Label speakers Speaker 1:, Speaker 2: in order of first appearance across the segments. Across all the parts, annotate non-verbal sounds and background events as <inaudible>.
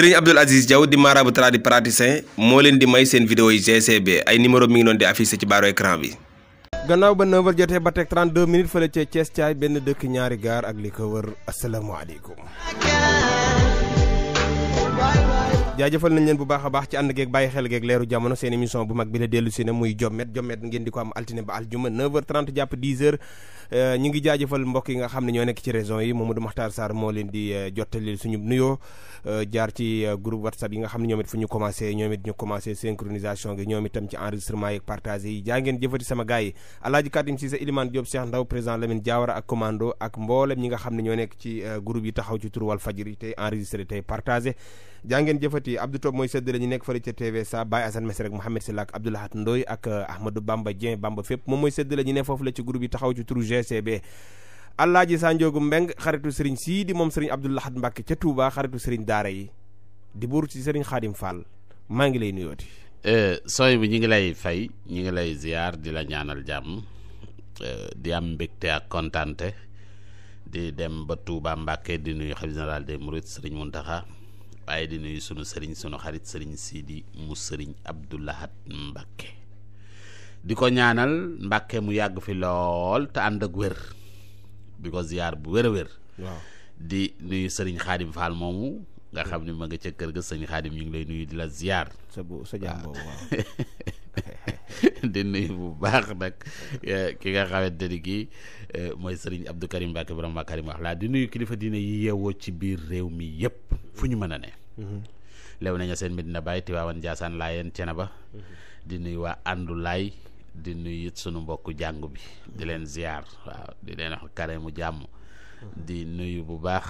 Speaker 1: sëriñ Abdoul Aziz Diaw di marabu tradipraticien moo leen di may seen vidéo yi GCB ay numéro mi ngi doon di affiché ci baaru écran bi. gannaaw ba 9h jotee ba teg 32 minutes fële ca Thiès Thiaye benn dëkk ñaari gaar ak li ko wër asalaamaaleykum. jaajëfal nañ leen bu baax a baax ci ànd geeg bàyyi xel geeg leeru jamono seen émission bu mag bi la dellu si ne muy jommet jommet ngeen di ko am altine ba aljuma 9h30 jàpp 10 Euh, ñu ngi jaajëfal mbokk yi nga xam ne ñoo nekk ci région yi Mamadou Makhtar Sarr moo leen di euh, jottalil suñu nuyoo euh, jaar ci groupe WhatsApp yi nga xam ne ñoom it fu ñu commencé ñoom it ñu commencé synchronisation gi ñoom itam ci enregistrement yeeg ñi ne ñoo nekk ci groupe taxaw ci turu Walfadjri tey enregistré tey ñu nekk fële ca TV sa Baye Assane Messi rek Mouhamed Silla ak Abdoulahat Ndoy ak Ahmadou Bamba Dieng Bamba fépp moom mooy séddale ñu ne foofu la ci groupe yi taxaw ci turu UGCB Alaaji Sanjoogu Mbeng xaritu sëriñ sii di moom sëriñ Abdou Lahad Mbàkke ca Touba xaritu sëriñ daara yi di buur ci sëriñ Xaadim Fall
Speaker 2: maa ngi lay nuyooti eh, sooy bi ñu ngi lay fay ñu ngi lay ziyaar di la ñaanal jàmm eh, di am mbégte ak kontante di dem ba Touba Mbàkke di nuyu xalif général des mourides sëriñ Muntaxa waaye di nuyu sunu sëriñ sunu xarit sëriñ Sidi mu sëriñ Abdou Lahad Mbàkke di ko ñaanal Mbàkke mu yàgg fi lool te ànd ak wér bi ko ziyaar bu wér a wér di nuyu sëriñ Xaadim Fall moomu nga xam ne ma nga ca kër ga sëriñ Xaadim ñu ngi lay nuyu di la ziyaar sa <laughs> di nuyu bu baax nag eh, ki nga xamante ni kii eh, mooy sëriñ Abdou Karim Mbàkke borom Makarim wax laa di nuyu kilifa diine yi yeewoo ci biir réew mi yépp fu ñu mën a ne mm-hmm. lew nañu seen Medina Baye Tiwaawan Njaasaan Laayeen Cenaba mm-hmm. di nuyu waa àndu di nuyu it sunu mbokku jàngu bi di leen ziar waaw di leen wax kare mu jàmm di nuyu bu baax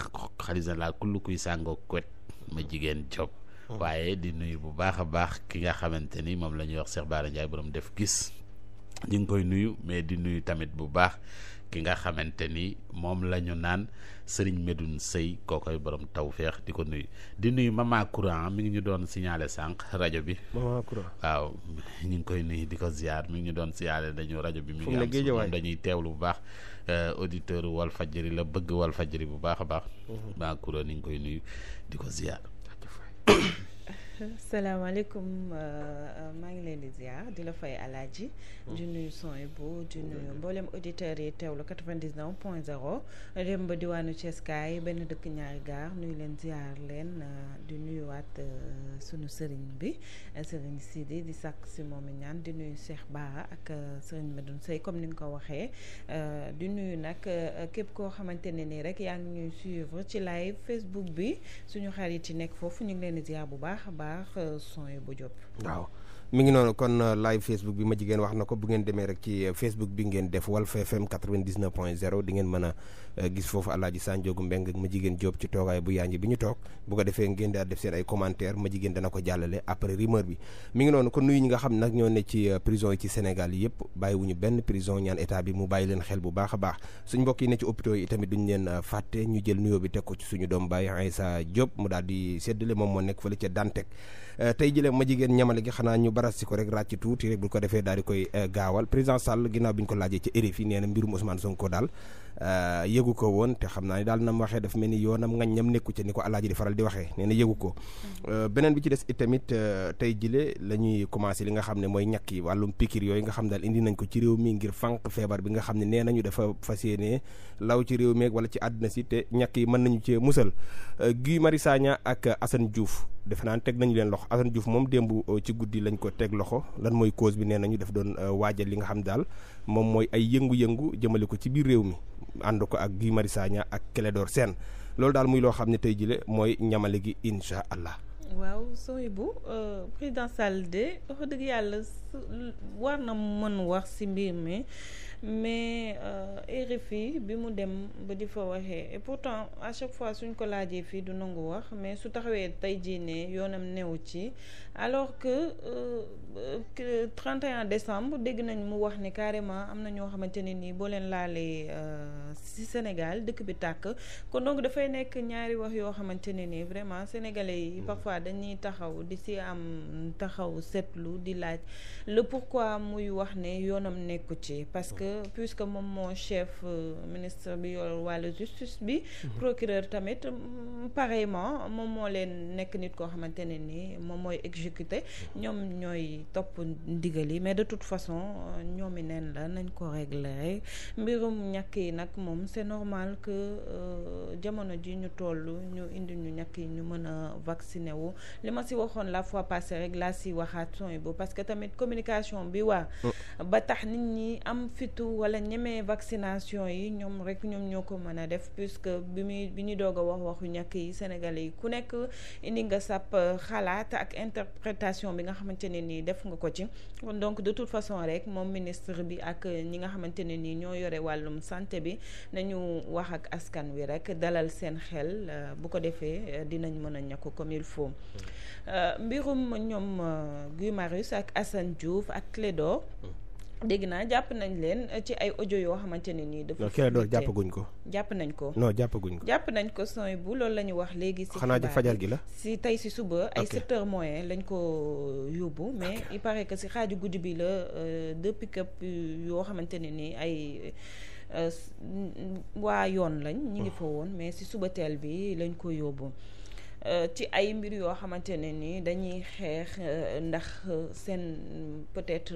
Speaker 2: xalisa laa kull kuy sàngoo kwet ma jigéen job waaye di nuyu bu baax a baax ki nga xamante ni moom la ñuy wax Cheikh Bara Ndiaye borom def gis ñu ngi koy nuyu mais di nuyu tamit bu baax ki nga xamante ni moom la ñu naan Serigne Medoune Sey kookoy borom tawféex di ko nuyu di nuyu Mama Courant mi ngi ñu doon signalé sànq rajo bi. Mama Courant waaw ñu ngi koy nuyu di ko ziar mi ngi ñu doon signalé dañu rajo bi. mi ngi am suñu dañuy teewlu bu baax. Euh, auditeur Walfadjri la bëgg Walfadjri bu baax a baax. Mhm. Mama Courant ñu koy nuyu di ko ziar.
Speaker 3: salaamaaleykum euh, maa ngi leen di ziar di la fay alaaji mm. di nuyu son yi bu di mm. nuyu mboolem auditeurs yi teewlu 99 point 0 dem ba diwaanu Thiès kaay benn dëkk ñaari gaar nuyu leen ziar leen euh, di nuyuwaat euh, sunu sëriñ bi sëriñ Sidi di sàkk si moom i ñaan di nuyu Cheikh Bara ak sëriñ Medoune Seye comme ni nga ko waxee di nuyu nag képp koo xamante ne nii rek yaa ngi ñuy suivre ci live Facebook bi suñu xarit yi nekk foofu ñu ngi leen di ziar bu baax baax baax Souhaibou Diop waaw
Speaker 1: mi ngi noonu kon euh, live Facebook bi ma jigéen wax na ko bu ngeen demee rek ci euh, Facebook bi ngeen def Walf FM 99 point 0 di ngeen mën a euh, gis foofu Alaaji Sanjoogu Mbeng ak ma jigéen Jóob ci toogaay bu yaañi bi ñu toog bu ko defee ngeen daal def seen ay commentaire ma jigéen dana ko jàllale après rumeur bi mi ngi noonu kon nuyu nga xam nag ñoo ne ci prison yi ci Sénégal yi yëpp bàyyiwuñu benn prison ñaan état bi mu bàyyi leen xel bu baax a baax suñ mbokk yi ne ci yi tamit duñu leen fàtte ñu jël nuyoo bi teg ko ci suñu doom baay Aïssa Diop mu daal di séddale moom moo nekk fële ca Dantec Euh, tey jëlee ma jigéen ñamale gi xanaa ñu baras si ko rek raaj ci tuuti rek bu ko defee daal di koy euh, gaawal président Sall ginnaaw bi ñu ko laajee ci RFI nee na mbirum Ousmane Sonko daal euh, yëgu ko woon te xam naa ni daal na mu daf mel ni yoonam ngaññam nekku ca ni ko alaaji di faral di waxee nee na yëgu ko mm. beneen bi ci des itamit tey jile la ñuy commencé li nga xam ne mooy ñàkk yi wàllum pikir yooyu nga xam daal indi nañ ko ci réew mi ngir fànq feebar bi nga xam ne nee nañu dafa fas yéene law ci réew meeg wala ci àddina si te ñàkk yi mën nañu cee musal Guy Marius ak Assane Diouf defe naa teg nañu leen loxo Assane Diouf moom démb euh, ci guddi lañ ko teg loxo lan mooy cause bi nee nañu daf doon euh, waajal li nga xam daal moom mooy ay yëngu-yëngu jëmale ko ci biir réew mi ànd ko ak Guy Marius Sagna ak Clédor Sène lool daal muy loo xam ne tey jile mooy ñamale gi incha allah.
Speaker 3: waaw sooy bu euh, président Sall de wax dëgg yàlla war na mën wax si mbir mi. mais euh, fi bi mu dem ba di fa waxee pourtant à chaque fois suñ ko laajee fii du nangu wax mais su taxawee tey jii ne yoonam newu ci alors que 31 euh, décembre dégg nañ mu wax ne carrément am na ñoo xamante ne nii boo leen laalee ci euh, Sénégal dëkk bi tàkk kon donc dafay nekk ñaari wax yoo xamante ne nii vraiment sénégalais yi mm. parfois dañuy taxaw di ci am taxaw seetlu di laaj le pourquoi muy wax ne yoonam nekku ci parce que puisque moom moo chef euh, ministre bi yor wàllu justice bi. Mhm. procureur tamit mm, pareillement moom moo leen nekk nit koo xamante ne ni moom mooy exécuté ñoom ñooy topp ndigal yi mais de toute façon euh, ñoom i neen la nañ ko régler mbirum ñàkk yi nag moom c'est normal que euh, jamono ji ñu toll ñu indi ñu ñàkk yi ñu mën a vacciner wu li ma si waxoon la fois passée rek laa si waxaat son bu parce que tamit communication bi waa mm. ba tax nit ñi am fit moytu wala ñemee vaccination yi ñoom rek ñoom ñoo ko mën a def puisque bi muy bi ñu doog a wax waxu ñàkk yi sénégalais yi ku nekk indi nga sàpp xalaat ak interprétation bi nga xamante ne nii def nga ko ci kon donc de toute façon rek moom ministre bi ak ñi nga xamante ne nii ñoo yore wàllum santé bi nañu wax ak askan wi rek dalal seen xel euh, bu ko defee euh, dinañ mën a ñàkk comme il faut mm. euh, mbirum ñoom Guy Marius ak Assane Diouf ak Clédor mm. dégg naa jàpp nañ leen ci ay audio yoo xamante ne nii. dafa kii la door jàppaguñ ko. jàpp nañ ko non jàppaguñ ko. jàpp nañ ko son bu loolu la ñu wax léegi. si xanaa ci la. si tey si suba ay sept heures moyen lañ ko yóbbu. mais il paraît que si xaaju guddi bi la euh, deux pick-up yoo xamante ne nii ay euh, waa yoon lañ. ñu ngi hmm. fa woon mais si suba teel bi lañ ko yóbbu. Euh, ci ay mbir yoo xamante ne ni dañuy xeex euh, ndax euh, seen peut-être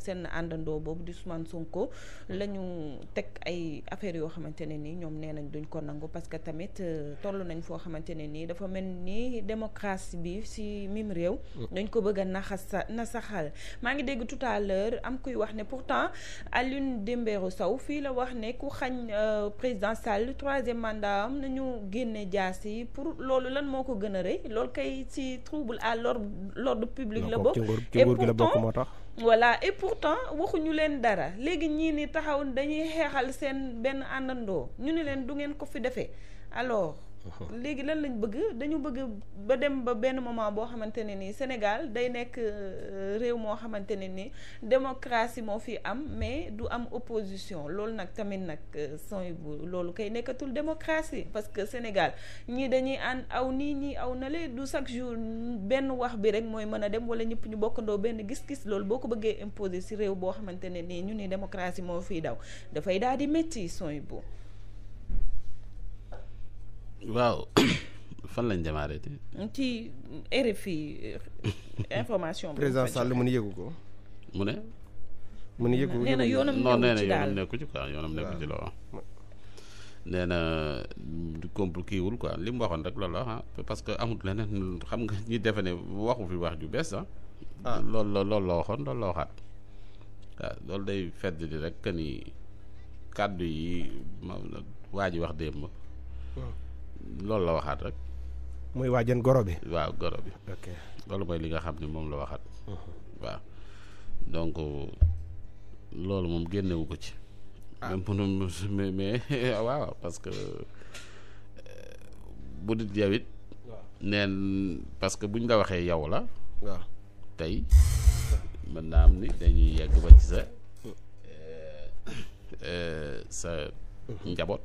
Speaker 3: seen àndandoo boobu di Ousmane Sonko la ñu teg ay affaires yoo xamante ne ni ñoom nee nañ duñ ko nangu parce que tamit toll nañ foo xamante ne ni dafa mel nii démocratie bi si mim réew. Mm. dañ ko bëgg a naxasa nasaxal maa ngi dégg tout à am kuy wax ne pourtant Alioune Dembourou saw fii la wax ne ku xañ président Sall troisième mandat am nañu génne jaas yi pour loolu la. moo ko gën a rey loolu kay ci trouble à l'ordre l'ordre public la bokk et pourtant moo tax voilà et pourtant waxuñu leen dara léegi ñii ni taxaw dañuy xeexal seen benn àndandoo ñu ni leen du ngeen ko fi defee alors léegi lan lañ bëgg dañu bëgg ba dem ba benn moment boo xamante ne nii Sénégal day nekk euh, réew moo xamante ne nii démocratie moo fi am mais du am opposition loolu nag tamit nag euh, sony bu loolu kay nekkatul démocratie parce que Sénégal ñii dañuy ànd aw nii ñii aw na le du chaque jour benn wax bi rek mooy mën a dem wala ñëpp ñu bokkandoo benn gis-gis loolu boo ko bëggee imposer si réew boo xamante ne nii ñu ni démocratie moo fiy daw dafay daal di métti sony bu
Speaker 2: waaw <coughs> fan lañ démarré tey.
Speaker 3: ci RFI <laughs> information. président mu ni
Speaker 2: yëgu ko. mu ne. mu ni yëgu nee na yoonam nekku ci quoi yoonam nekku ci la waaw. nee na mm, du compliqué wul li mu waxoon rek loolu la ah parce que amut leneen xam nga ñi defe ne waxu fi wax ju bees ah. ah loolu la loolu waxoon loolu day fedd di rek que ni kàddu yi ma wax démb. loolu la waxaat rek.
Speaker 1: muy waajan goro bi. waaw goro
Speaker 2: bi. ok loolu mooy li nga xam ne moom la waxaat. Uh-huh. waaw donc loolu moom génnewu ko ci. Ah. même pour mais mais <laughs> waaw parce que euh, bu dit yow neen parce que buñ la waxee yow la. waaw tey mën naa am ni dañuy yegg ba ci sa mm. euh, euh, sa mm-hmm. njaboot.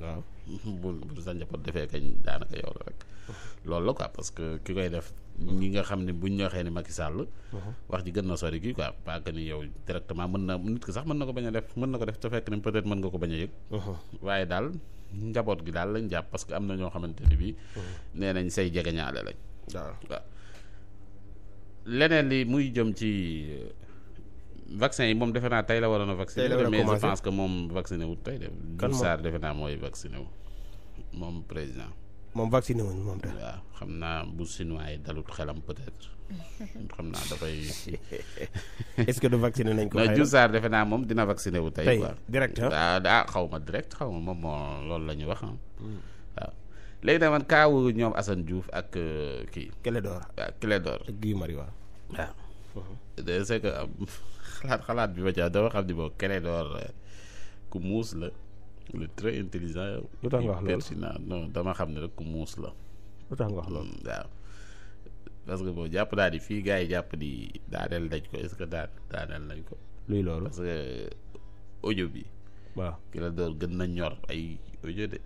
Speaker 2: waaw bu bu sa njaboot defee kañ daanaka yow la rek loolu la quoi parce que ki koy def ñi nga xam ne buñ ñu waxee ni Macky Sall wax ji gën na sori kii quoi pas que ni yow directement mën na nit ki sax mën na ko bañ a def mën na ko def te fekk ni peut mën nga ko bañ a yëg waaye daal njaboot gi daal lañ jàpp parce que am na ñoo xamante ni bii nee nañ say jegeñaale lañ waaw leneen li muy jëm ci vaccin yi moom defe naa tey la waroon a vacciné mais je pense que moom vacciné wu tey de Diouf Sarr defe naa mooy vacciné wu moom président
Speaker 1: moom vacciné wuñ
Speaker 4: moom tam
Speaker 2: waaw xam naa bu chinois yi dalut xelam peut-être <laughs> xam naa dafay <laughs>
Speaker 1: est-ce que du vacciné nañ ko non Diouf defe
Speaker 2: naa moom dina vacciné wu tey quoi direct ah ah xaw ma direct xaw ma moom moo loolu la ñu wax hmm. waaw léegi nag man kaawu ñoom Assane Diouf ak euh, kii Clédor ah, waaw Clédor ak Guy Mariwa
Speaker 1: waaw
Speaker 2: xalaat xalaat bi ma ci dama xam ne boobu Clédor euh, ku muus la le très intelligent. lu tax nga wax loolu pertinent non dama xam ne rek ku muus la. lu tax nga wax loolu waaw. parce que boobu jàpp daal di fii gaa yi jàpp di daaneel nañ ko est-ce que daan daaneel nañ ko. luy loolu parce que bi. waaw Clédor gën na ñor ay audio de.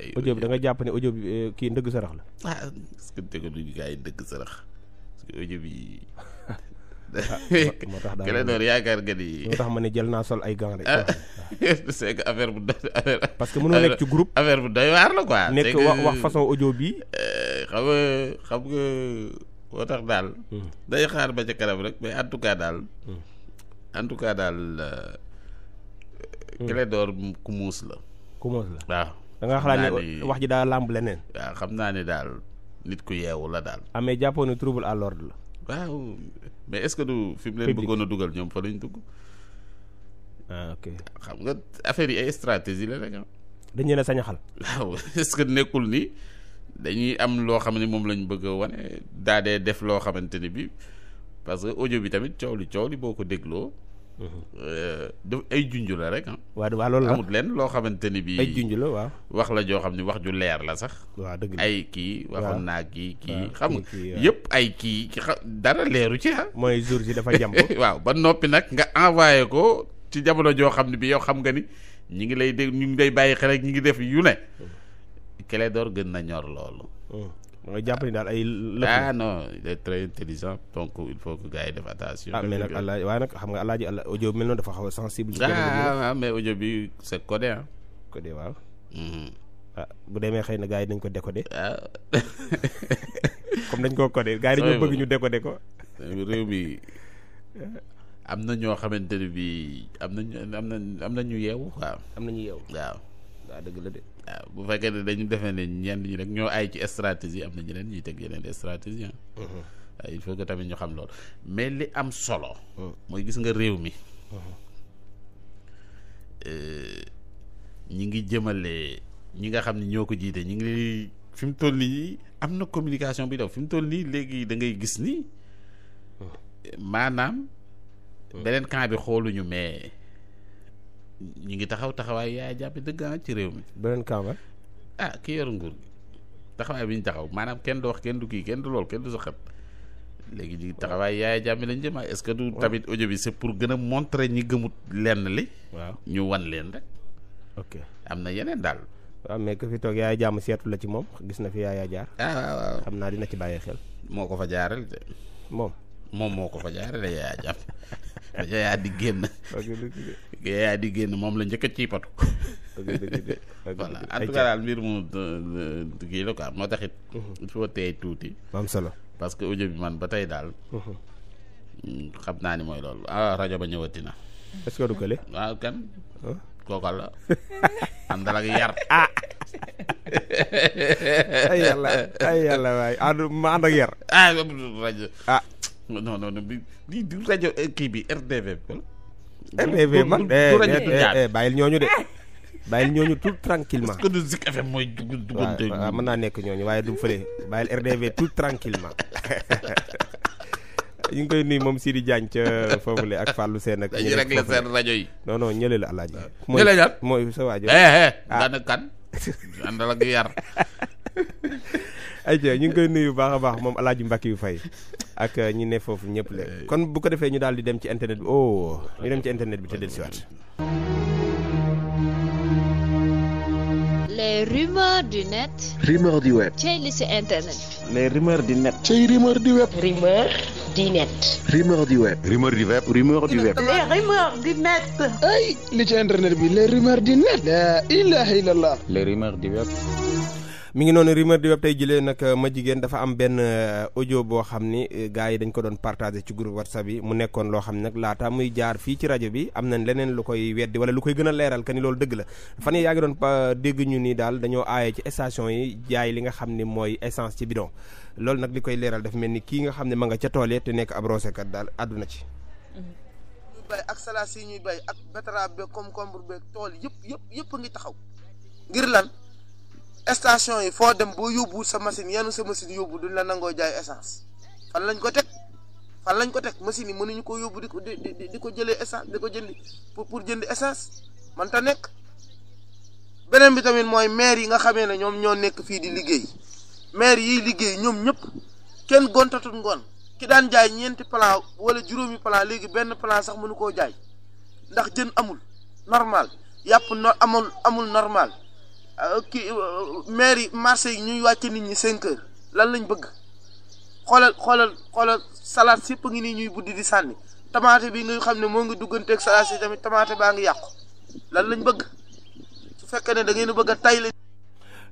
Speaker 1: ay audio bi da jàpp ne audio bi euh, kii ndëgg sarax la. ah
Speaker 2: est-ce que déglu yi ndëgg sarax parce que bi. <laughs> moo tax Clédor yaakaar nga ni. moo tax
Speaker 1: ma ne jël naa sol ay gants rek.
Speaker 2: Ah, <laughs> affaire bu doy affaire. <laughs> parce que mënoo nekk ci groupe. affaire bu doy waar la quoi. nekk wax wax façon bi eh, xam nga xam daal. Hmm. day xaar ba ca rek mais en tout cas daal. Hmm. tout cas daal. Euh, hmm. Clédor ku muus la.
Speaker 1: ku muus la waaw. da xalaat wax ji daal làmb leneen. waaw xam naa ne daal nit ku yeewu la daal. amee ah, jàppoo jàppoon ne trouble à l'ordre la. waaw
Speaker 2: mais est-ce que du fi mu leen bëggoon a dugal ñoom fa lañu dugg. ah xam nga affaire yi ay stratégie la rek ah.
Speaker 1: dañu leen a sañaxal. waaw
Speaker 2: <laughs> est-ce que nekkul nii dañuy am loo xam ne moom lañ bëgg a wane daa dee def loo xamante ni bi parce que audio bi tamit coow li coow li boo ko dégloo. Euh, def ay junj la rek ah. waaw waaw amut leen loo xamante ni bii. ay junj la waaw. wax la joo xam ni wax ju leer la sax. waaw dëgg ay kii. waxoon naa kii kii xam nga yëpp ay kii dara leeru ci ah. mooy jour ji dafa jàmp. <laughs> waaw ba noppi nag nga envoyé ko ci jamono joo xam ne bi yow xam nga ni ñi ngi lay dégg ñu ngi lay bàyyi xel ñu ngi def yu ne. Clédor mm. gën na ñor loolu. Mm. da nga jàpp ni
Speaker 1: daal ay. ah
Speaker 2: non il est très intelligent donc il faut que gars yi def attention. ah mais nag allah
Speaker 1: waaye nag xam nga alaaji allah audio bi mel noonu dafa xaw a sensible. Ah,
Speaker 2: ah mais audio bi c'est codé ah.
Speaker 1: codé waaw. Mm-hmm. Ah, bu demee xëy na gars yi dañ ko décoder. Ah. <laughs> comme dañ koo codé gars yi ñu décoder ko.
Speaker 2: réew mi
Speaker 1: <laughs>
Speaker 2: am na ñoo xamante ne bii am nañu am na am na ñu yeew waaw. am na ñu yeewu waaw. waaw dëgg la de. Ah, bu fekkee ne dañu defee ne ñenn ñi rek ñoo ay ci stratégie am na ñeneen ñuy teg yeneen stratégie ah. Mhm. ah. il faut que tamit ñu xam lool mais li am solo. Mhm. mooy gis nga réew mi. Mhm. Euh, ñi ngi jëmale ñi nga xam ne ñoo ko jiite ñi ngi fi mu toll nii am na communication bi daw fi mu toll nii léegi da ngay gis nii maanaam. beneen camp bi xooluñu mais. ñi ngi taxaw taxawaay yaay jàppe dëgg
Speaker 1: ah ci réew mi. beneen kàmba.
Speaker 2: ah ki yor nguur gi taxawaay bi ñu taxaw maanaam kenn du wax kenn du kii kenn du lool kenn du saxat léegi ñi taxawaay yaay jàmme lañ jëm est-ce que du tamit ojo bi c'est pour gën a montrer ñi gëmut lenn li. waaw ñu wan leen rek. ok
Speaker 1: am na yeneen daal. waaw mais ku fi toog yaay jàmm seetu la ci moom gis na fi yaay jaar. ah waaw waaw xam naa dina ci bàyyi xel. moo ko fa jaaral de. moom moom moo ko fa jaarale <laughs>
Speaker 2: <laughs> yayaa di génn. yayaa di génn moom la njëkk a ciipatu. <laughs> voilà en daal mbir mu euh, euh, kii la quoi moo tax it. Mhm. il tuuti. am solo parce que audio bi man ba tey daal. Mhm. Mm, xam naa ni mooy loolu ah, rajo ba ñëwati na. est-ce waaw kan. kookal la <laughs> ak yar. ah ay yàlla ay yàlla waay ànd ma ànd ak yar. ah rajo ah. non non bi di rajo eh, kii bi RDV. RDV man du eh, eh, rajo du jaar
Speaker 1: bàyyil ñooñu de bàyyil FM mooy dugg duggante waaw mën naa nekk ñooñu waaye du fële bàyyil RDV <laughs> ngi koy nuyu moom Sidi Diagne ca foofule ak Fallou Sène rajo yi. non non la alaaji. la mooy sa ah. <laughs> yar. ayca <laughs> ñu ngi koy nuyu baax a baax moom alaaji Mbàkke yu fay ak euh, ñi ne foofu ñëpp la kon bu ko defee ñu daal di dem ci internet bi oh ñu dem ci internet bi te del siwaat
Speaker 3: les rumeurs du net.
Speaker 1: rumeurs du web.
Speaker 3: cay li si internet
Speaker 1: bi. les
Speaker 2: rumeurs du net. cay rumeurs
Speaker 5: du web. rumeurs du net.
Speaker 2: rumeurs du web. rumeurs du web.
Speaker 1: rumeurs du web.
Speaker 5: les rumeurs du net. ay li ci internet bi les rumeurs du net. la ilaha illallah.
Speaker 1: les rumeurs du web. mi ngi noonu rumeur di web tey jëlee nag euh, ma jigéen dafa am benn euh, audio boo xam ni euh, gars yi dañ ko doon partagé ci groupe whatsapp yi mu nekkoon loo xam ne nag laata muy jaar fii ci rajo bi am nañ leneen lu koy weddi wala lu koy gën a leeral que ni loolu dëgg la fan yi yaa ngi doon dégg ñu ni daal dañoo aaye ci estation yi jaay li nga xam ni mooy essence ci bidon loolu nag li koy leeral dafa mel ni kii nga xam ne ma nga ca tool te nekk ab rosekat daal àdduna ci. bay ak salaas yi ak betterave beeg concombre yëpp yëpp yëpp ngi taxaw ngir station yi foo dem boo yóbbu sa machine yenn sa machine yóbbu duñ la nangoo jaay essence fan lañ ko teg fan lañ ko teg machine yi mënuñu koo yóbbu di ko di di ko jëlee essence di ko jënd pour pour jëndi essence man ta nekk beneen bi tamit mooy maire yi nga xamee ne ñoom ñoo nekk fii di liggéey maire yi liggéey ñoom ñëpp kenn gontatul ngoon ki daan jaay ñeenti plan wala juróomi plan léegi benn plan sax mënu koo jaay ndax jën amul normal yàpp no amul amul normal Euh, kii euh, maire yi marché yi ñuy wàcc nit ñi cinq heures lan lañ bëgg xoolal xoolal xoolal salaat yëpp ngi nii ñuy buddi di sànni tamaate bi nga xam ne moo ngi dugganteeg salade yi tamit tamaate baa ngi yàqu lan lañ bëgg su fekkee ne da ngeen a bëgg a tay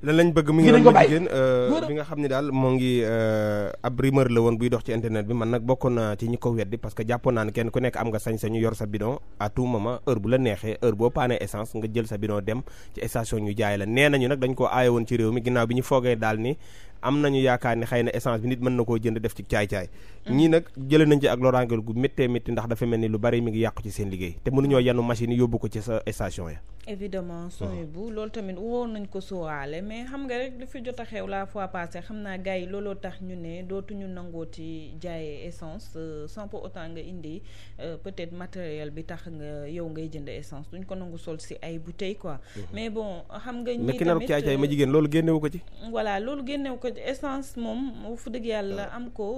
Speaker 1: lan lañ bëgg mi ngi doon jigéen bi euh, nga xam ne daal moo ngi euh, ab rumeur la woon buy dox ci internet bi man nag bokkoon naa ci ñi ko weddi parce que jàppoon naa ne kenn ku nekk am nga sañ-sañu yor sa bidon à tout moment heure bu la neexee heure boo paanee essence nga jël sa bidon dem ci station ñu jaay la nee nañu nag dañ koo aaye woon ci réew mi ginnaaw bi ñu foogee daal ni am nañu yaakaar ne xëy na essence bi nit mën na koo jënd def ci caay-caay mm. ñii nag jële nañ ci ak loraangeel gu méttee métti ndax dafa mel ni lu bari mi ngi yàqu ci seen liggéey te mënuñoo yanu machine yóbbu ko ci sa station ya
Speaker 3: évidemment sooy mm. bu loolu tamit woon nañ ko mais xam nga rek li jot a xew la fois passée xam naa gars yi looloo tax ñu ne dootuñu nangooti jaayee essence euh, sans pour autant nga indi euh, peut-être matériel bi tax nga yow ngay jënd essence duñ ko nangu sol si ay bouteilles quoi mm-hmm. mais bon xam nga ñi tamit caay-caay ma euh, jigéen
Speaker 1: loolu génnewu ko ci
Speaker 3: voilà loolu génnewu ko essence moom fu dëgg yàlla ah, am ko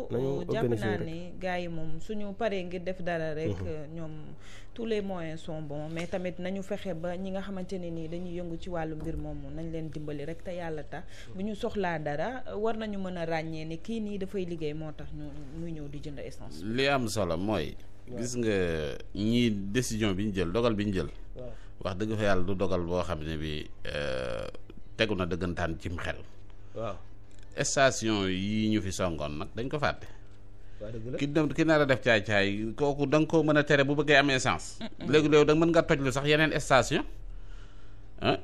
Speaker 3: jàpp naa ne gars yi moom suñu paree ngir def dara rek mhm. ñoom tous les moyens sont bons mais tamit nañu fexe ba ñi nga xamante ne nii dañuy yëngu ci wàllu mbir moomu nañ leen dimbali rek te yàlla tax mhm. bu ñu soxlaa dara war nañu mën a ràññee ne kii nii dafay liggéey moo tax ñu ñuy ñëw di jënd essence
Speaker 2: li am solo mooy gis nga ñii décision bi jël dogal bi ñu jël wax dëgg fa yàlla du dogal boo xam ne bi euh, tegu na dëggantaan cim xel estation yi ñu fi songoon nag dañ ko fàtte. ki ki nar a def caay caay kooku danga ko mën a tere bu bëggee am essence. léegi loolu danga mën nga tojlu sax yeneen station ah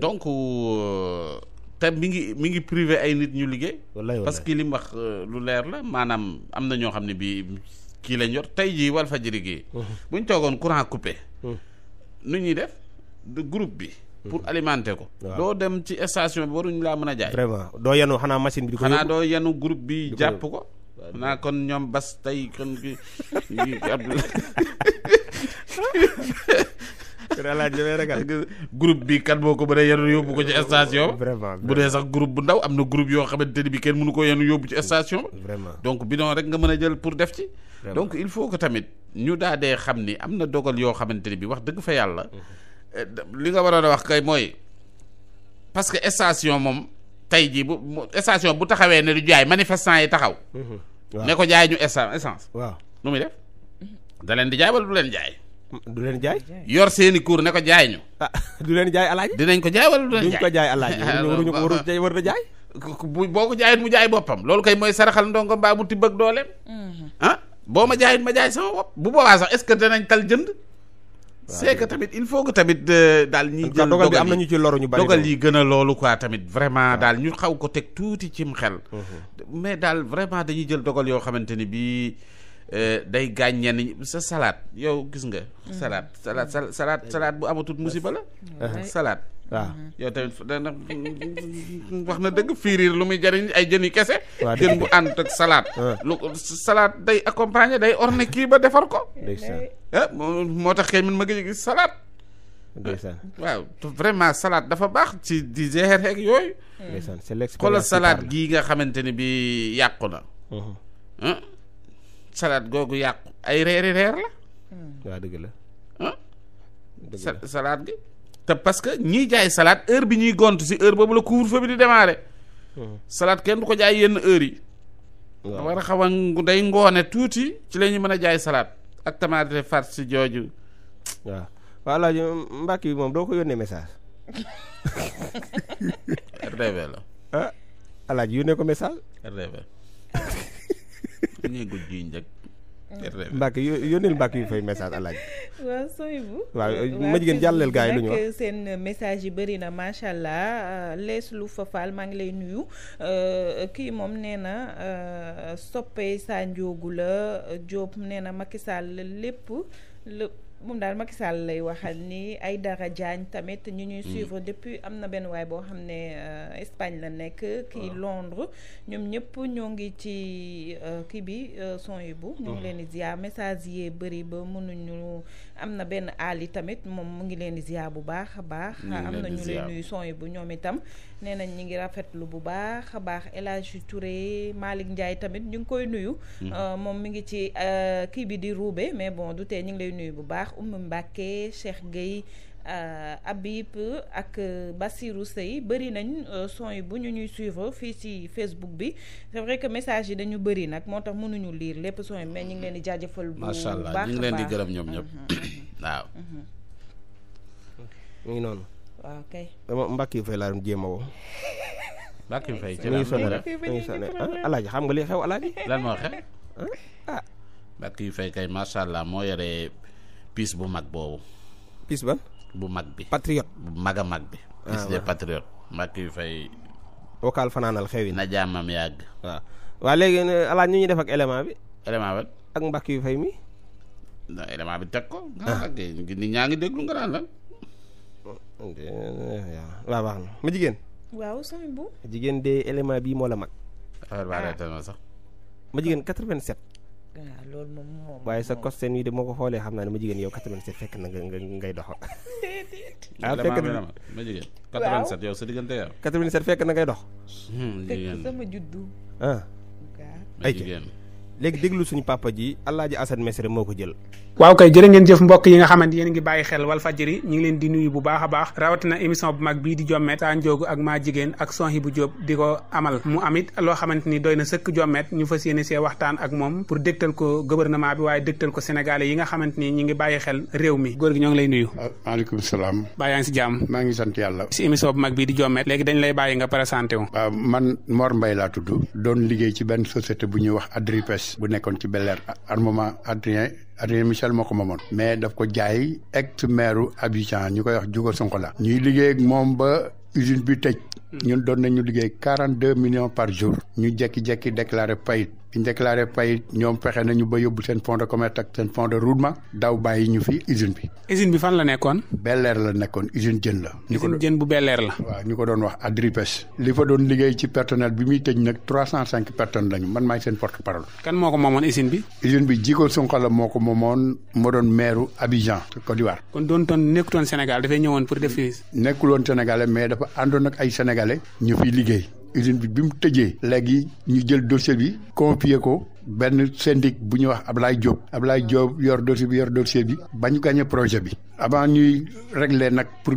Speaker 2: donc euh, te mi ngi mi ngi privé ay nit ñu liggéey. parce que li wax euh, lu leer la maanaam am na ñoo xam ne bii kii lañ yor tey jii Walfadjri gi. buñ toogoon courant coupé. nu ñuy def groupe bi. pour alimenter ko. doo dem ci station bi waruñu laa mën a jaay. vraiment
Speaker 1: doo yenu xanaa machine bi. xanaa doo
Speaker 2: yenu groupe bi jàpp ko. naa kon ñoom bas tey kon ki
Speaker 1: <laughs> groupe bi kat boo ko
Speaker 2: mënee yenu yóbbu ko ci station ba bu dee sax groupe bu ndaw am na groupe yoo xamante ni bi kenn mënu ko yenu yóbbu ci station ba donc bidon rek nga mën a jël pour def ci donc il faut que tamit ñu daa dee xam ni am na dogal yoo xamante ni bi wax dëgg fa yàlla mhm. li nga waroon a wax kay mooy parce que station moom tey jii bu station bu taxawee ne du jaay manifestant yi taxaw. Mm-hmm. ne ko jaay ñu essence. waaw nu muy def da leen di jaay wala du leen jaay. du leen jaay. yor seeni cour ne ko jaay ñu. ah <laughs> du leen jaay alaaji. dinañ ko jaay wala du leen jaay duñ ko war na jaay. <laughs> boo ko jaayit mu jaay boppam loolu kay mooy saraxal ndongo mbaa bu tibb ak dooleem. Mm-hmm. ah boo ma jaayit ma jaay sama bopp bu boobaa sax est-ce que danañ tal jënd. c'est que tamit il faut que tamit euh, daal ñuy jël dogal bi am nañu ci loro ñu bari dogal yi gën a loolu quoi tamit vraiment daal ñu xaw ko teg tuuti cim xel mhm. mais daal vraiment dañuy jël dogal yoo xamante ni bii euh, day gaañ ñenn sa salaat yow gis nga salaat salaat salaat salaat bu amatul musiba la salaat waaw mm-hmm. yow tamit wax na dëgg fiiriir lu muy jariñ ay jën yu kese. jën bu ànd ak salaat lu salaat day accompagner day orne kii ba defar ko. ndeysaan eh, moo tax kay man ma gëj a gis salade. ndeysaan eh, waaw vraiment salade dafa baax ci di jeexer ak yooyu. ndeysaan salaat l'expérience gii nga xamante ni bi yàqu na. Mm-hmm. Eh, salade googu yàqu ay reeri reer la. waaw dëgg la. dëgg gi. te parce que ñiy jaay salaat heure bi ñuy gont si heure boobu la couvre-feu bi di démarrer. Hmm. salade kenn du ko jaay yenn heure yi. waaw war a xaw a day ngoone tuuti ci la ñu mën a jaay salaat ak tamaate farce
Speaker 1: si jooju. waaw waaw laaj mbàkk moom doo ko yónnee message. RDV la. ah alaaji yónnee ko message. RDV. <laughs> ñuy gudd jiñ rek. mbàkk yónneel mbàkk yu fay message alaaj
Speaker 3: waaw sooy bu waaw ma jigéen jàlleel gars yi lu ñu wax seen message yi bëri na macha allah euh, lees lu fafaal maa ngi lay nuyu euh, kii moom nee na euh, soppe saa njoogu la Diop nee na Macky Sall lépp lépp moom daal Macky Sall lay waxal ni ay dara jaañ tamit ñu ñuy mm. suivre depuis am na benn waay boo xam ne euh, Espagne la nekk kii ah. Londres ñoom ñëpp ñoo ngi ci euh, kii bi euh, son yi bu ñu ngi mm. leen di ziar message yee bëri ba mënuñu am na benn aali tamit moom mu ngi leen di ziar bu baax a baax am na ñu leen nuyu son yi bu ñoom itam nee nañ ñi ngi rafetlu bu baax a baax El Hadj Touré Malick Ndiaye tamit ñu ngi koy nuyu. Mm-hmm. Euh, moom mi ngi ci euh, kii bi di ruube mais bon du tee ñu ngi lay nuyu bu baax Oumou Mbacké Cheikh Gueye. Euh, Abib ak Bassirou Sey bëri nañ son bu ñu ñuy suivre fii ci Facebook bi c'est vrai que message yi dañu bëri nag moo tax mënuñu liir lépp son mais ñu ngi leen di jaajëfal. bu baax a baax macha allah ñu ngi leen di gërëm ñoom ñëpp mhm. <coughs> waaw. mu mhm.
Speaker 1: ngi noonu. waaw ah, kay. dama Mbacke Faye laa doon jéem a woo. <laughs> yu Faye ci la muy sonné rek ah, xam nga li xew alaaji. <laughs> lan moo xew.
Speaker 2: ah. ah. Mbacke Faye kay macha allah moo yore piis bu mag boobu. piis ban. bu mag bi patriote. bu mag a mag bi. piis des
Speaker 1: patriotes Mbacke Faye. vocal fanaanal xew yi. na jaamam yàgg. waaw waaw léegi euh, alaaji ñu ñu def ak élément bi. élément ba ak Mbacke Faye mi. non élément bi teg ko. nga xam
Speaker 2: ne
Speaker 1: waaw baax na ma jigéen.
Speaker 3: waaw sëñ bu.
Speaker 1: jigéen de élément bii moo la mag. waaw ah, sax. Ah. ma jigéen 87. waaw
Speaker 3: loolu moom moom waaye sa cos seen
Speaker 1: yi de moo ko xoolee xam naa ne ma jigéen yow 87 fekk na nga ngay dox. déedéet. ah fekk na
Speaker 2: ma jigéen. 87
Speaker 1: yow sa diggante yow. 87 fekk na ngay dox. Hmm, jigéen fekk sama juddu. ah. ay jigéen. léegi déglu suñu papa ji Alaaji Assane Mesere moo ko jël waaw kay
Speaker 5: jërë ngeen jëf mbokk yi nga xamante
Speaker 1: yéen a ngi bàyyi xel Walfadjri ñu ngi leen di nuyu bu baax a baax rawatina émission bu mag bii
Speaker 5: di jommet saa njoogu ak maa jigéen ak bu jóob di ko amal mu amit loo xamant ni doy na sëkk jommet ñu fas yéene see waxtaan ak moom pour dégtal ko gouvernement bi waaye dégtal ko sénégalais yi nga xamante ni ñu ngi bàyyi xel réew mi góor gi ñoo ngi lay nuyu ah, maaleykum salaam baa yaa ngi maa ngi sant yàlla si émission mag bii di léegi dañ lay bàyyi nga présenté wu
Speaker 4: ah, man Mor Mbaye laa tudd doon liggéey ci benn société bu ñuy wax Agri Pêche Aziz bu nekkoon ci Bel Air armement Adrien Adrien Michel moo ko moomoon mais daf ko jaay ex maire Abidjan ñu koy wax Diogo Sonkola ñuy liggéey ak moom ba usine bi tëj hmm. ñun doon ñu liggéey quarante deux millions par jour ñu jekki-jekki déclaré faillite ñu déclaré pay ñoom fexe nañu ba yóbbu seen fonds de commerce ak seen fonds de roulement daw bàyyi ñu fi usine bi. usine bi fan la nekkoon. Bel-Air la nekkoon usine jën la. ñu ko doon bu Bel-Air la. waaw ñu ko doon wax Agripes. li fa doon liggéey ci personnel bi muy tëj nag trois cent cinq personnes lañu man maay seen porte parole. kan moo ko moomoon usine bi. usine bi Djigo Sonkala moo ko moomoon moo doon maire Abidjan Côte d'Ivoire. kon
Speaker 5: doon toon nekkutoon Sénégal dafay ñëwoon pour def.
Speaker 4: nekkuloon Sénégalais mais dafa àndoon ak ay sénégalais ñu fiy liggéey usine bi bi mu tëjee léegi ñu jël dossier bi confier ko benn syndic bu ñu wax Ablaye Diop Ablaye Diop yor dossier bi yor dossier bi ba ñu projet bi avant ñuy régler nag pour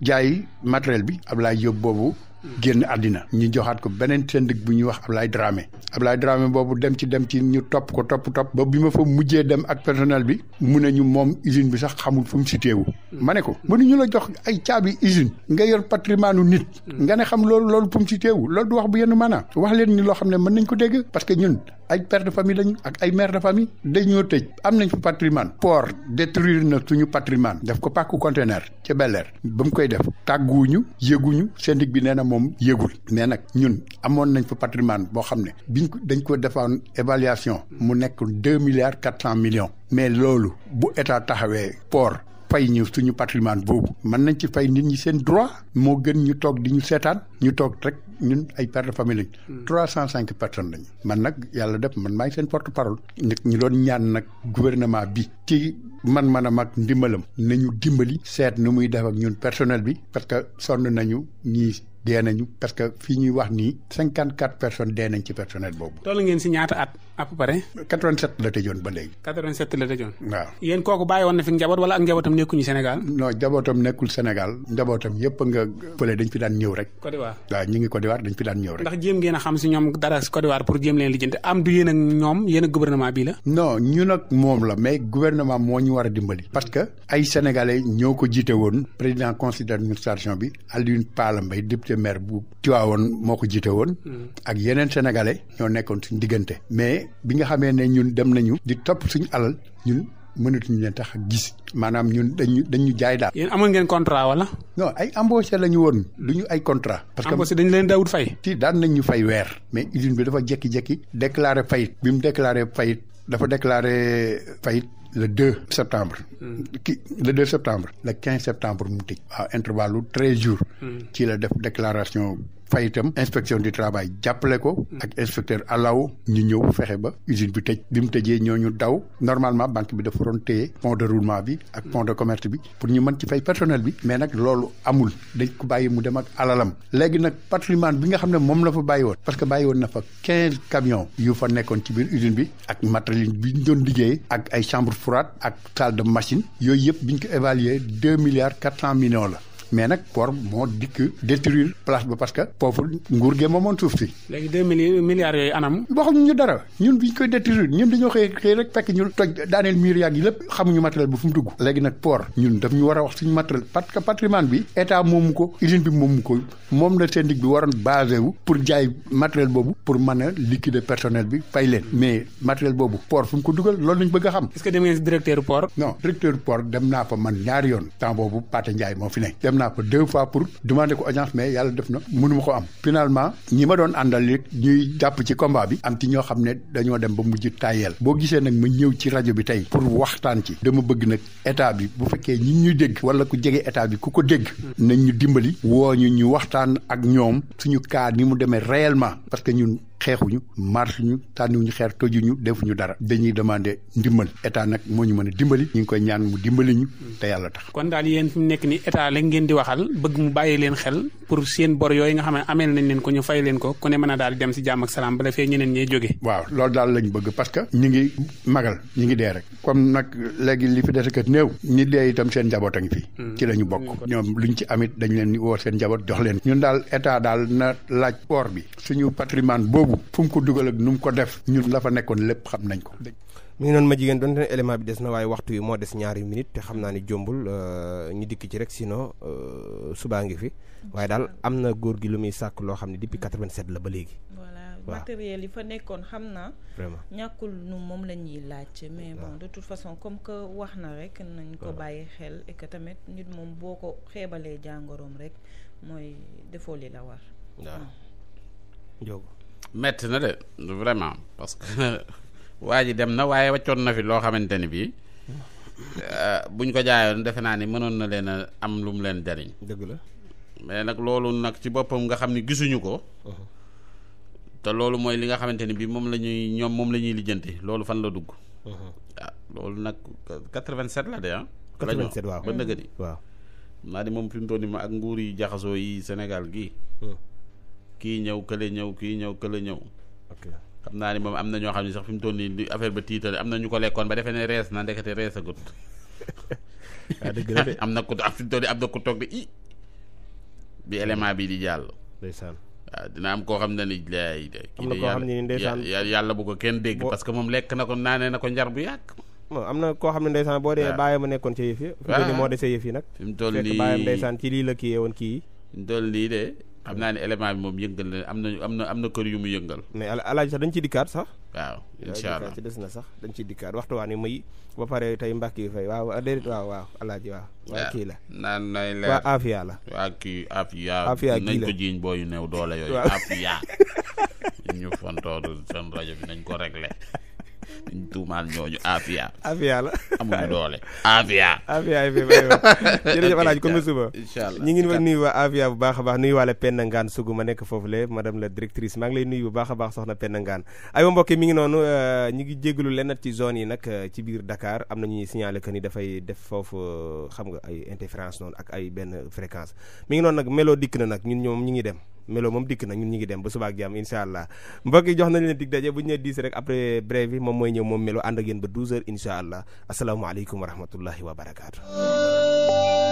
Speaker 4: jaay matériel bi ab Ablaye Diop boobu génn àddina ñu joxaat ko beneen syndic bu ñuy wax Ablaye Dramé Ablaye Dramé boobu dem ci dem ci ñu topp ko topp topp ba bi ma fa mujjee dem ak personnel bi mu ne ñu moom usine bi sax xamul fu mu situé wu mm. ma ne ko mënuñu la jox ay caabi usine nga yor patrimoine u nit mm. nga ne xam loolu loolu fu mu situé wu loolu du wax bu yenn maanaa wax leen ñu loo xam ne mën nañ ko dégg parce que ñun ay père de famille lañu ak ay mère de famille dañoo tëj am nañ fa patrimoine port détruire na suñu patrimoine daf ko pàkku conteneur ca Bel Air ba mu koy def tàgguñu yëguñu syndic bi nee moom yëgul nee nag ñun amoon nañ fa patrimoine boo xam ne biñ ko dañ ko defoon évaluation mu nekk deux milliards quatre cent million mais loolu bu état taxawee port fay ñu suñu patrimoine boobu mën nañ ci fay nit ñi seen droit moo gën ñu toog di ñu seetaan ñu toog rek ñun ay père famille hmm. trois cent cinq personnes lañu man nag yàlla def man maay seen porte parole nit ñu doon ñaan nag gouvernement bi ci man man a mag ndimbalam nañu dimbali seet nu muy def ñun personnel bi parce que sonn nañu ñii dee nañu parce que fii ñuy wax nii cinquante quatre personnes dee nañ ci personnel boobu.
Speaker 5: toll ngeen si ñaata at. à peu près.
Speaker 4: 87 la tëjoon ba léegi.
Speaker 5: 87 la tëjoon. waaw yéen kooku
Speaker 4: bàyyi woon na fi njaboot wala ak njabootam nekkuñu Sénégal. non njabootam nekkul Sénégal. njabootam yëpp nga fële dañ fi daan ñëw rek. Côte d'Ivoire waaw ñu ngi Côte d'Ivoire
Speaker 5: ndax jéem ngeen a xam si ñoom dara si Côte d'Ivoire pour jéem leen
Speaker 4: lijjanti am du yéen ak ñoom yéen ak gouvernement bi la. non moom la mais gouvernement moo ñu war a dimbali. parce que ay sénégalais ñoo ko jiite woon président conseil d'administration bi Alioune Pala Mbaye député maire bu Tivaouane moo ko jiite woon hmm. ak yeneen sénégalais ñoo nekkoon suñu diggante mais bi nga xamee ne ñun dem nañu. di topp suñu alal ñun mënutuñu leen tax a gis. maanaam ñun dañu dañu jaay daal. yéen amoon ngeen contrat wala. non ay embauché la ñu woon du ñu ay contrat. parce que embauché dañu leen daawut fay. ti daan nañ ñu fay weer. mais usine bi dafa jekki jékki déclaré fayit bi mu déclaré fayit dafa déclaré fayit le 2 septembre. Hmm. ki le 2 septembre. le quinze septembre mu tëj. waaw intervalle lu 13 jours. Hmm. ci la def déclaration. fay itam inspection du travail jàppale ko ak inspecteur alaw ñu ñëw fexe ba usine bi tëj bi mu tëjee ñooñu daw normalement banque bi dafa waroon téye fonds de roulement bi ak fonds de commerce bi pour ñu mën ci fay personnel bi mais nag loolu amul dañ ko bàyyi mu dem ak alalam léegi nag patrimoine bi nga xam ne moom la fa bàyyi woon parce que bàyyi woon na fa quinze camions yu fa nekkoon ci biir usine bi ak matériel bi ñu doon liggéey ak ay chambre froide ak salle de machine yooyu yëpp biñ ko évaluer deux milliards quatre cent millions la mais nag port moo dikk détruire place ba parce que foofu nguur gee moomoon suuf si. léegi deux milliards yooyu anam. ñun bi ñu koy détruire xëy xëy rek fekk ñu toj daaneel miir yàgg yi lépp léegi nag port ñu war a wax suñu matériel parce que patrimoine bi état moomu ko usine bi moomu ko moom la pour boobu pour mën a liquider personnel bi fay mais matériel boobu port fu ko dugal loolu xam. est-ce que dem ngeen directeur naa ko deux fois pour demander ko audience mais yàlla def na mënu ma ko am finalement ñi ma doon àndal it ñuy jàpp ci combat bi am ci ñoo xam ne dañoo dem ba mujj tàyyeel boo gisee nag ma ñëw ci rajo bi tey pour waxtaan ci dama bëgg nag état bi bu fekkee ñi ñu dégg wala ku jege état bi ku ko dégg nañ ñu dimbali woo ñu ñu waxtaan ak ñoom suñu cas ni mu demee réellement parce que ñun xeexuñu marchuñu tànnuñu xeer tojuñu defuñu dara dañuy demander ndimbal état nag moo ñu mën a dimbali ñu ngi koy ñaan mu dimbali ñu
Speaker 5: te yàlla tax kon daal yéen fi mu nekk nii état la ngeen di waxal bëgg mu bàyyi leen xel pour seen bor yooyu nga xam ne ameel nañ leen ko ñu fay leen ko ku ne mën a daal di dem si jàmm ak salaam bala fee ñeneen ñee jóge
Speaker 4: waaw loolu daal lañ bëgg parce que ñi ngi magal ñi ngi dee rek comme nag léegi li fi desekat néew ñi dee itam seen njaboot a ngi fi hmm. ci la ñu bokk hmm. ñoom luñ ci amit dañ leen woo seen njaboot jox leen ñun daal état daal na laaj port bi suñu patrimoine boobu fu mu ko dugal ak nu mu ko def ñun la fa nekkoon lépp xam nañ ko mi ngi
Speaker 1: noonu ma jigéen doonte ne élément bi des na waaye waxtu yi moo des ñaari minute te xam naa ni jombul euh, ñu dikk ci rek sinon euh, subaa ngi fi waaye daal am na góor gi lu muy sàkk loo xam ne depuis 87 mm-hmm. la ba léegi. voilà
Speaker 3: matériel yi fa nekkoon xam naa. vraiment ñàkkul nu moom la ñuy laaj. mais bon de toute façon comme que wax na rek nañ ko bàyyi xel et que tamit nit moom boo ko xeebalee jàngoroom rek mooy defoo li la war. waaw
Speaker 2: Ndiob. metti na de vraiment parce <laughs> waa ji dem na waaye waccoon na fi loo xamante ni bii euh, buñ ko jaayoon defe naa ni mënoon na leen a am lu mu leen jariñ dëgg la mais nag loolu nag ci boppam nga xam ni gisuñu ko uh-huh. te loolu mooy li nga xamante ni bii moom la ñuy ñoom moom la ñuy lijjanti loolu fan la dugg uh-huh. ah, loolu nag quatre-vingt-sept la de ah quatre-vingt-sept waaw ba nëgëni waaw naa di moom fi mu toll nii ma ak nguur yi jaxasoo yi senegal gi uh-huh. kii ñëw kële ñëw kii ñëw kële ñëw xam naa ni moom am na ñoo xam ne sax fi mu toll nii affaire ba tiitale am na ñu ko lekkoon ba defee ne rees na ndekete rees agut waaw <laughs> ah, dëgg <laughs> am na am na ku toog de i bi élément bi di jàll ndeysaan waaw ah, dina am koo xam ne ni lay na koo xam ne ni ndeysaan yàlla bu ko kenn dégg parce que moom lekk na ko naanee na ko njar bu yàgg
Speaker 1: non am na koo xam ne ndeysaan boo dee ah. bàyyi ma nekkoon ca yëf yi fi moo desee yëf yi nag la woon kii yi fi
Speaker 2: toll nii de xam naa ne élément bi moom yëngal na am na am na am na kër yu mu yëngal.
Speaker 1: mais alaaji sax dañ ciy dikkaat sax. waaw incha allah ci des na sax dañ ciy dikkaat waxtu waa ni may ba pare tey mbàkk fay waaw waaw waaw alaaji waaw. waaw kii la
Speaker 2: naan nay leer waa Afia la. waa kii Afia. Afia kii nañ ko jiiñ booyu new doole yooyu. Afia <laughs> ñu fontoor seen rajo bi nañ ko réglé. dañ tuumaal ñooñu Afia.
Speaker 1: Afia la amuñu doole Afia. Afia FM aywa jërëjëf El Hadj kon ba suba. incha allah ñu ngi nuyu waa bu baax a baax nuyuwaale Penda Ngane Sougou ma nekk foofu le madame la directrice maa ngi lay nuyu bu baaxa baax soxna Penda Ngane. aywa mbokk mi ngi noonu euh, ñu ngi jégalu lenn ci zone yi nag euh, ci biir dakaar am na ñuy signaler que ni dafay def foofu euh, xam nga ay interférence noonu ak ay benn fréquence mi ngi noonu nag melo dikk na nag ñun ñoom ñu ngi dem. melo moom dikk na ñun ñu ngi dem ba subaak jàmm incha allah mbokk yi jox nañ leen dig daje bu ñu nee diis rek après brève moom mooy ñëw moom melo ànd ak yéen ba 12 heures incha allah asalaamaaleykum wa rahmatullahi wa
Speaker 3: barakaatu.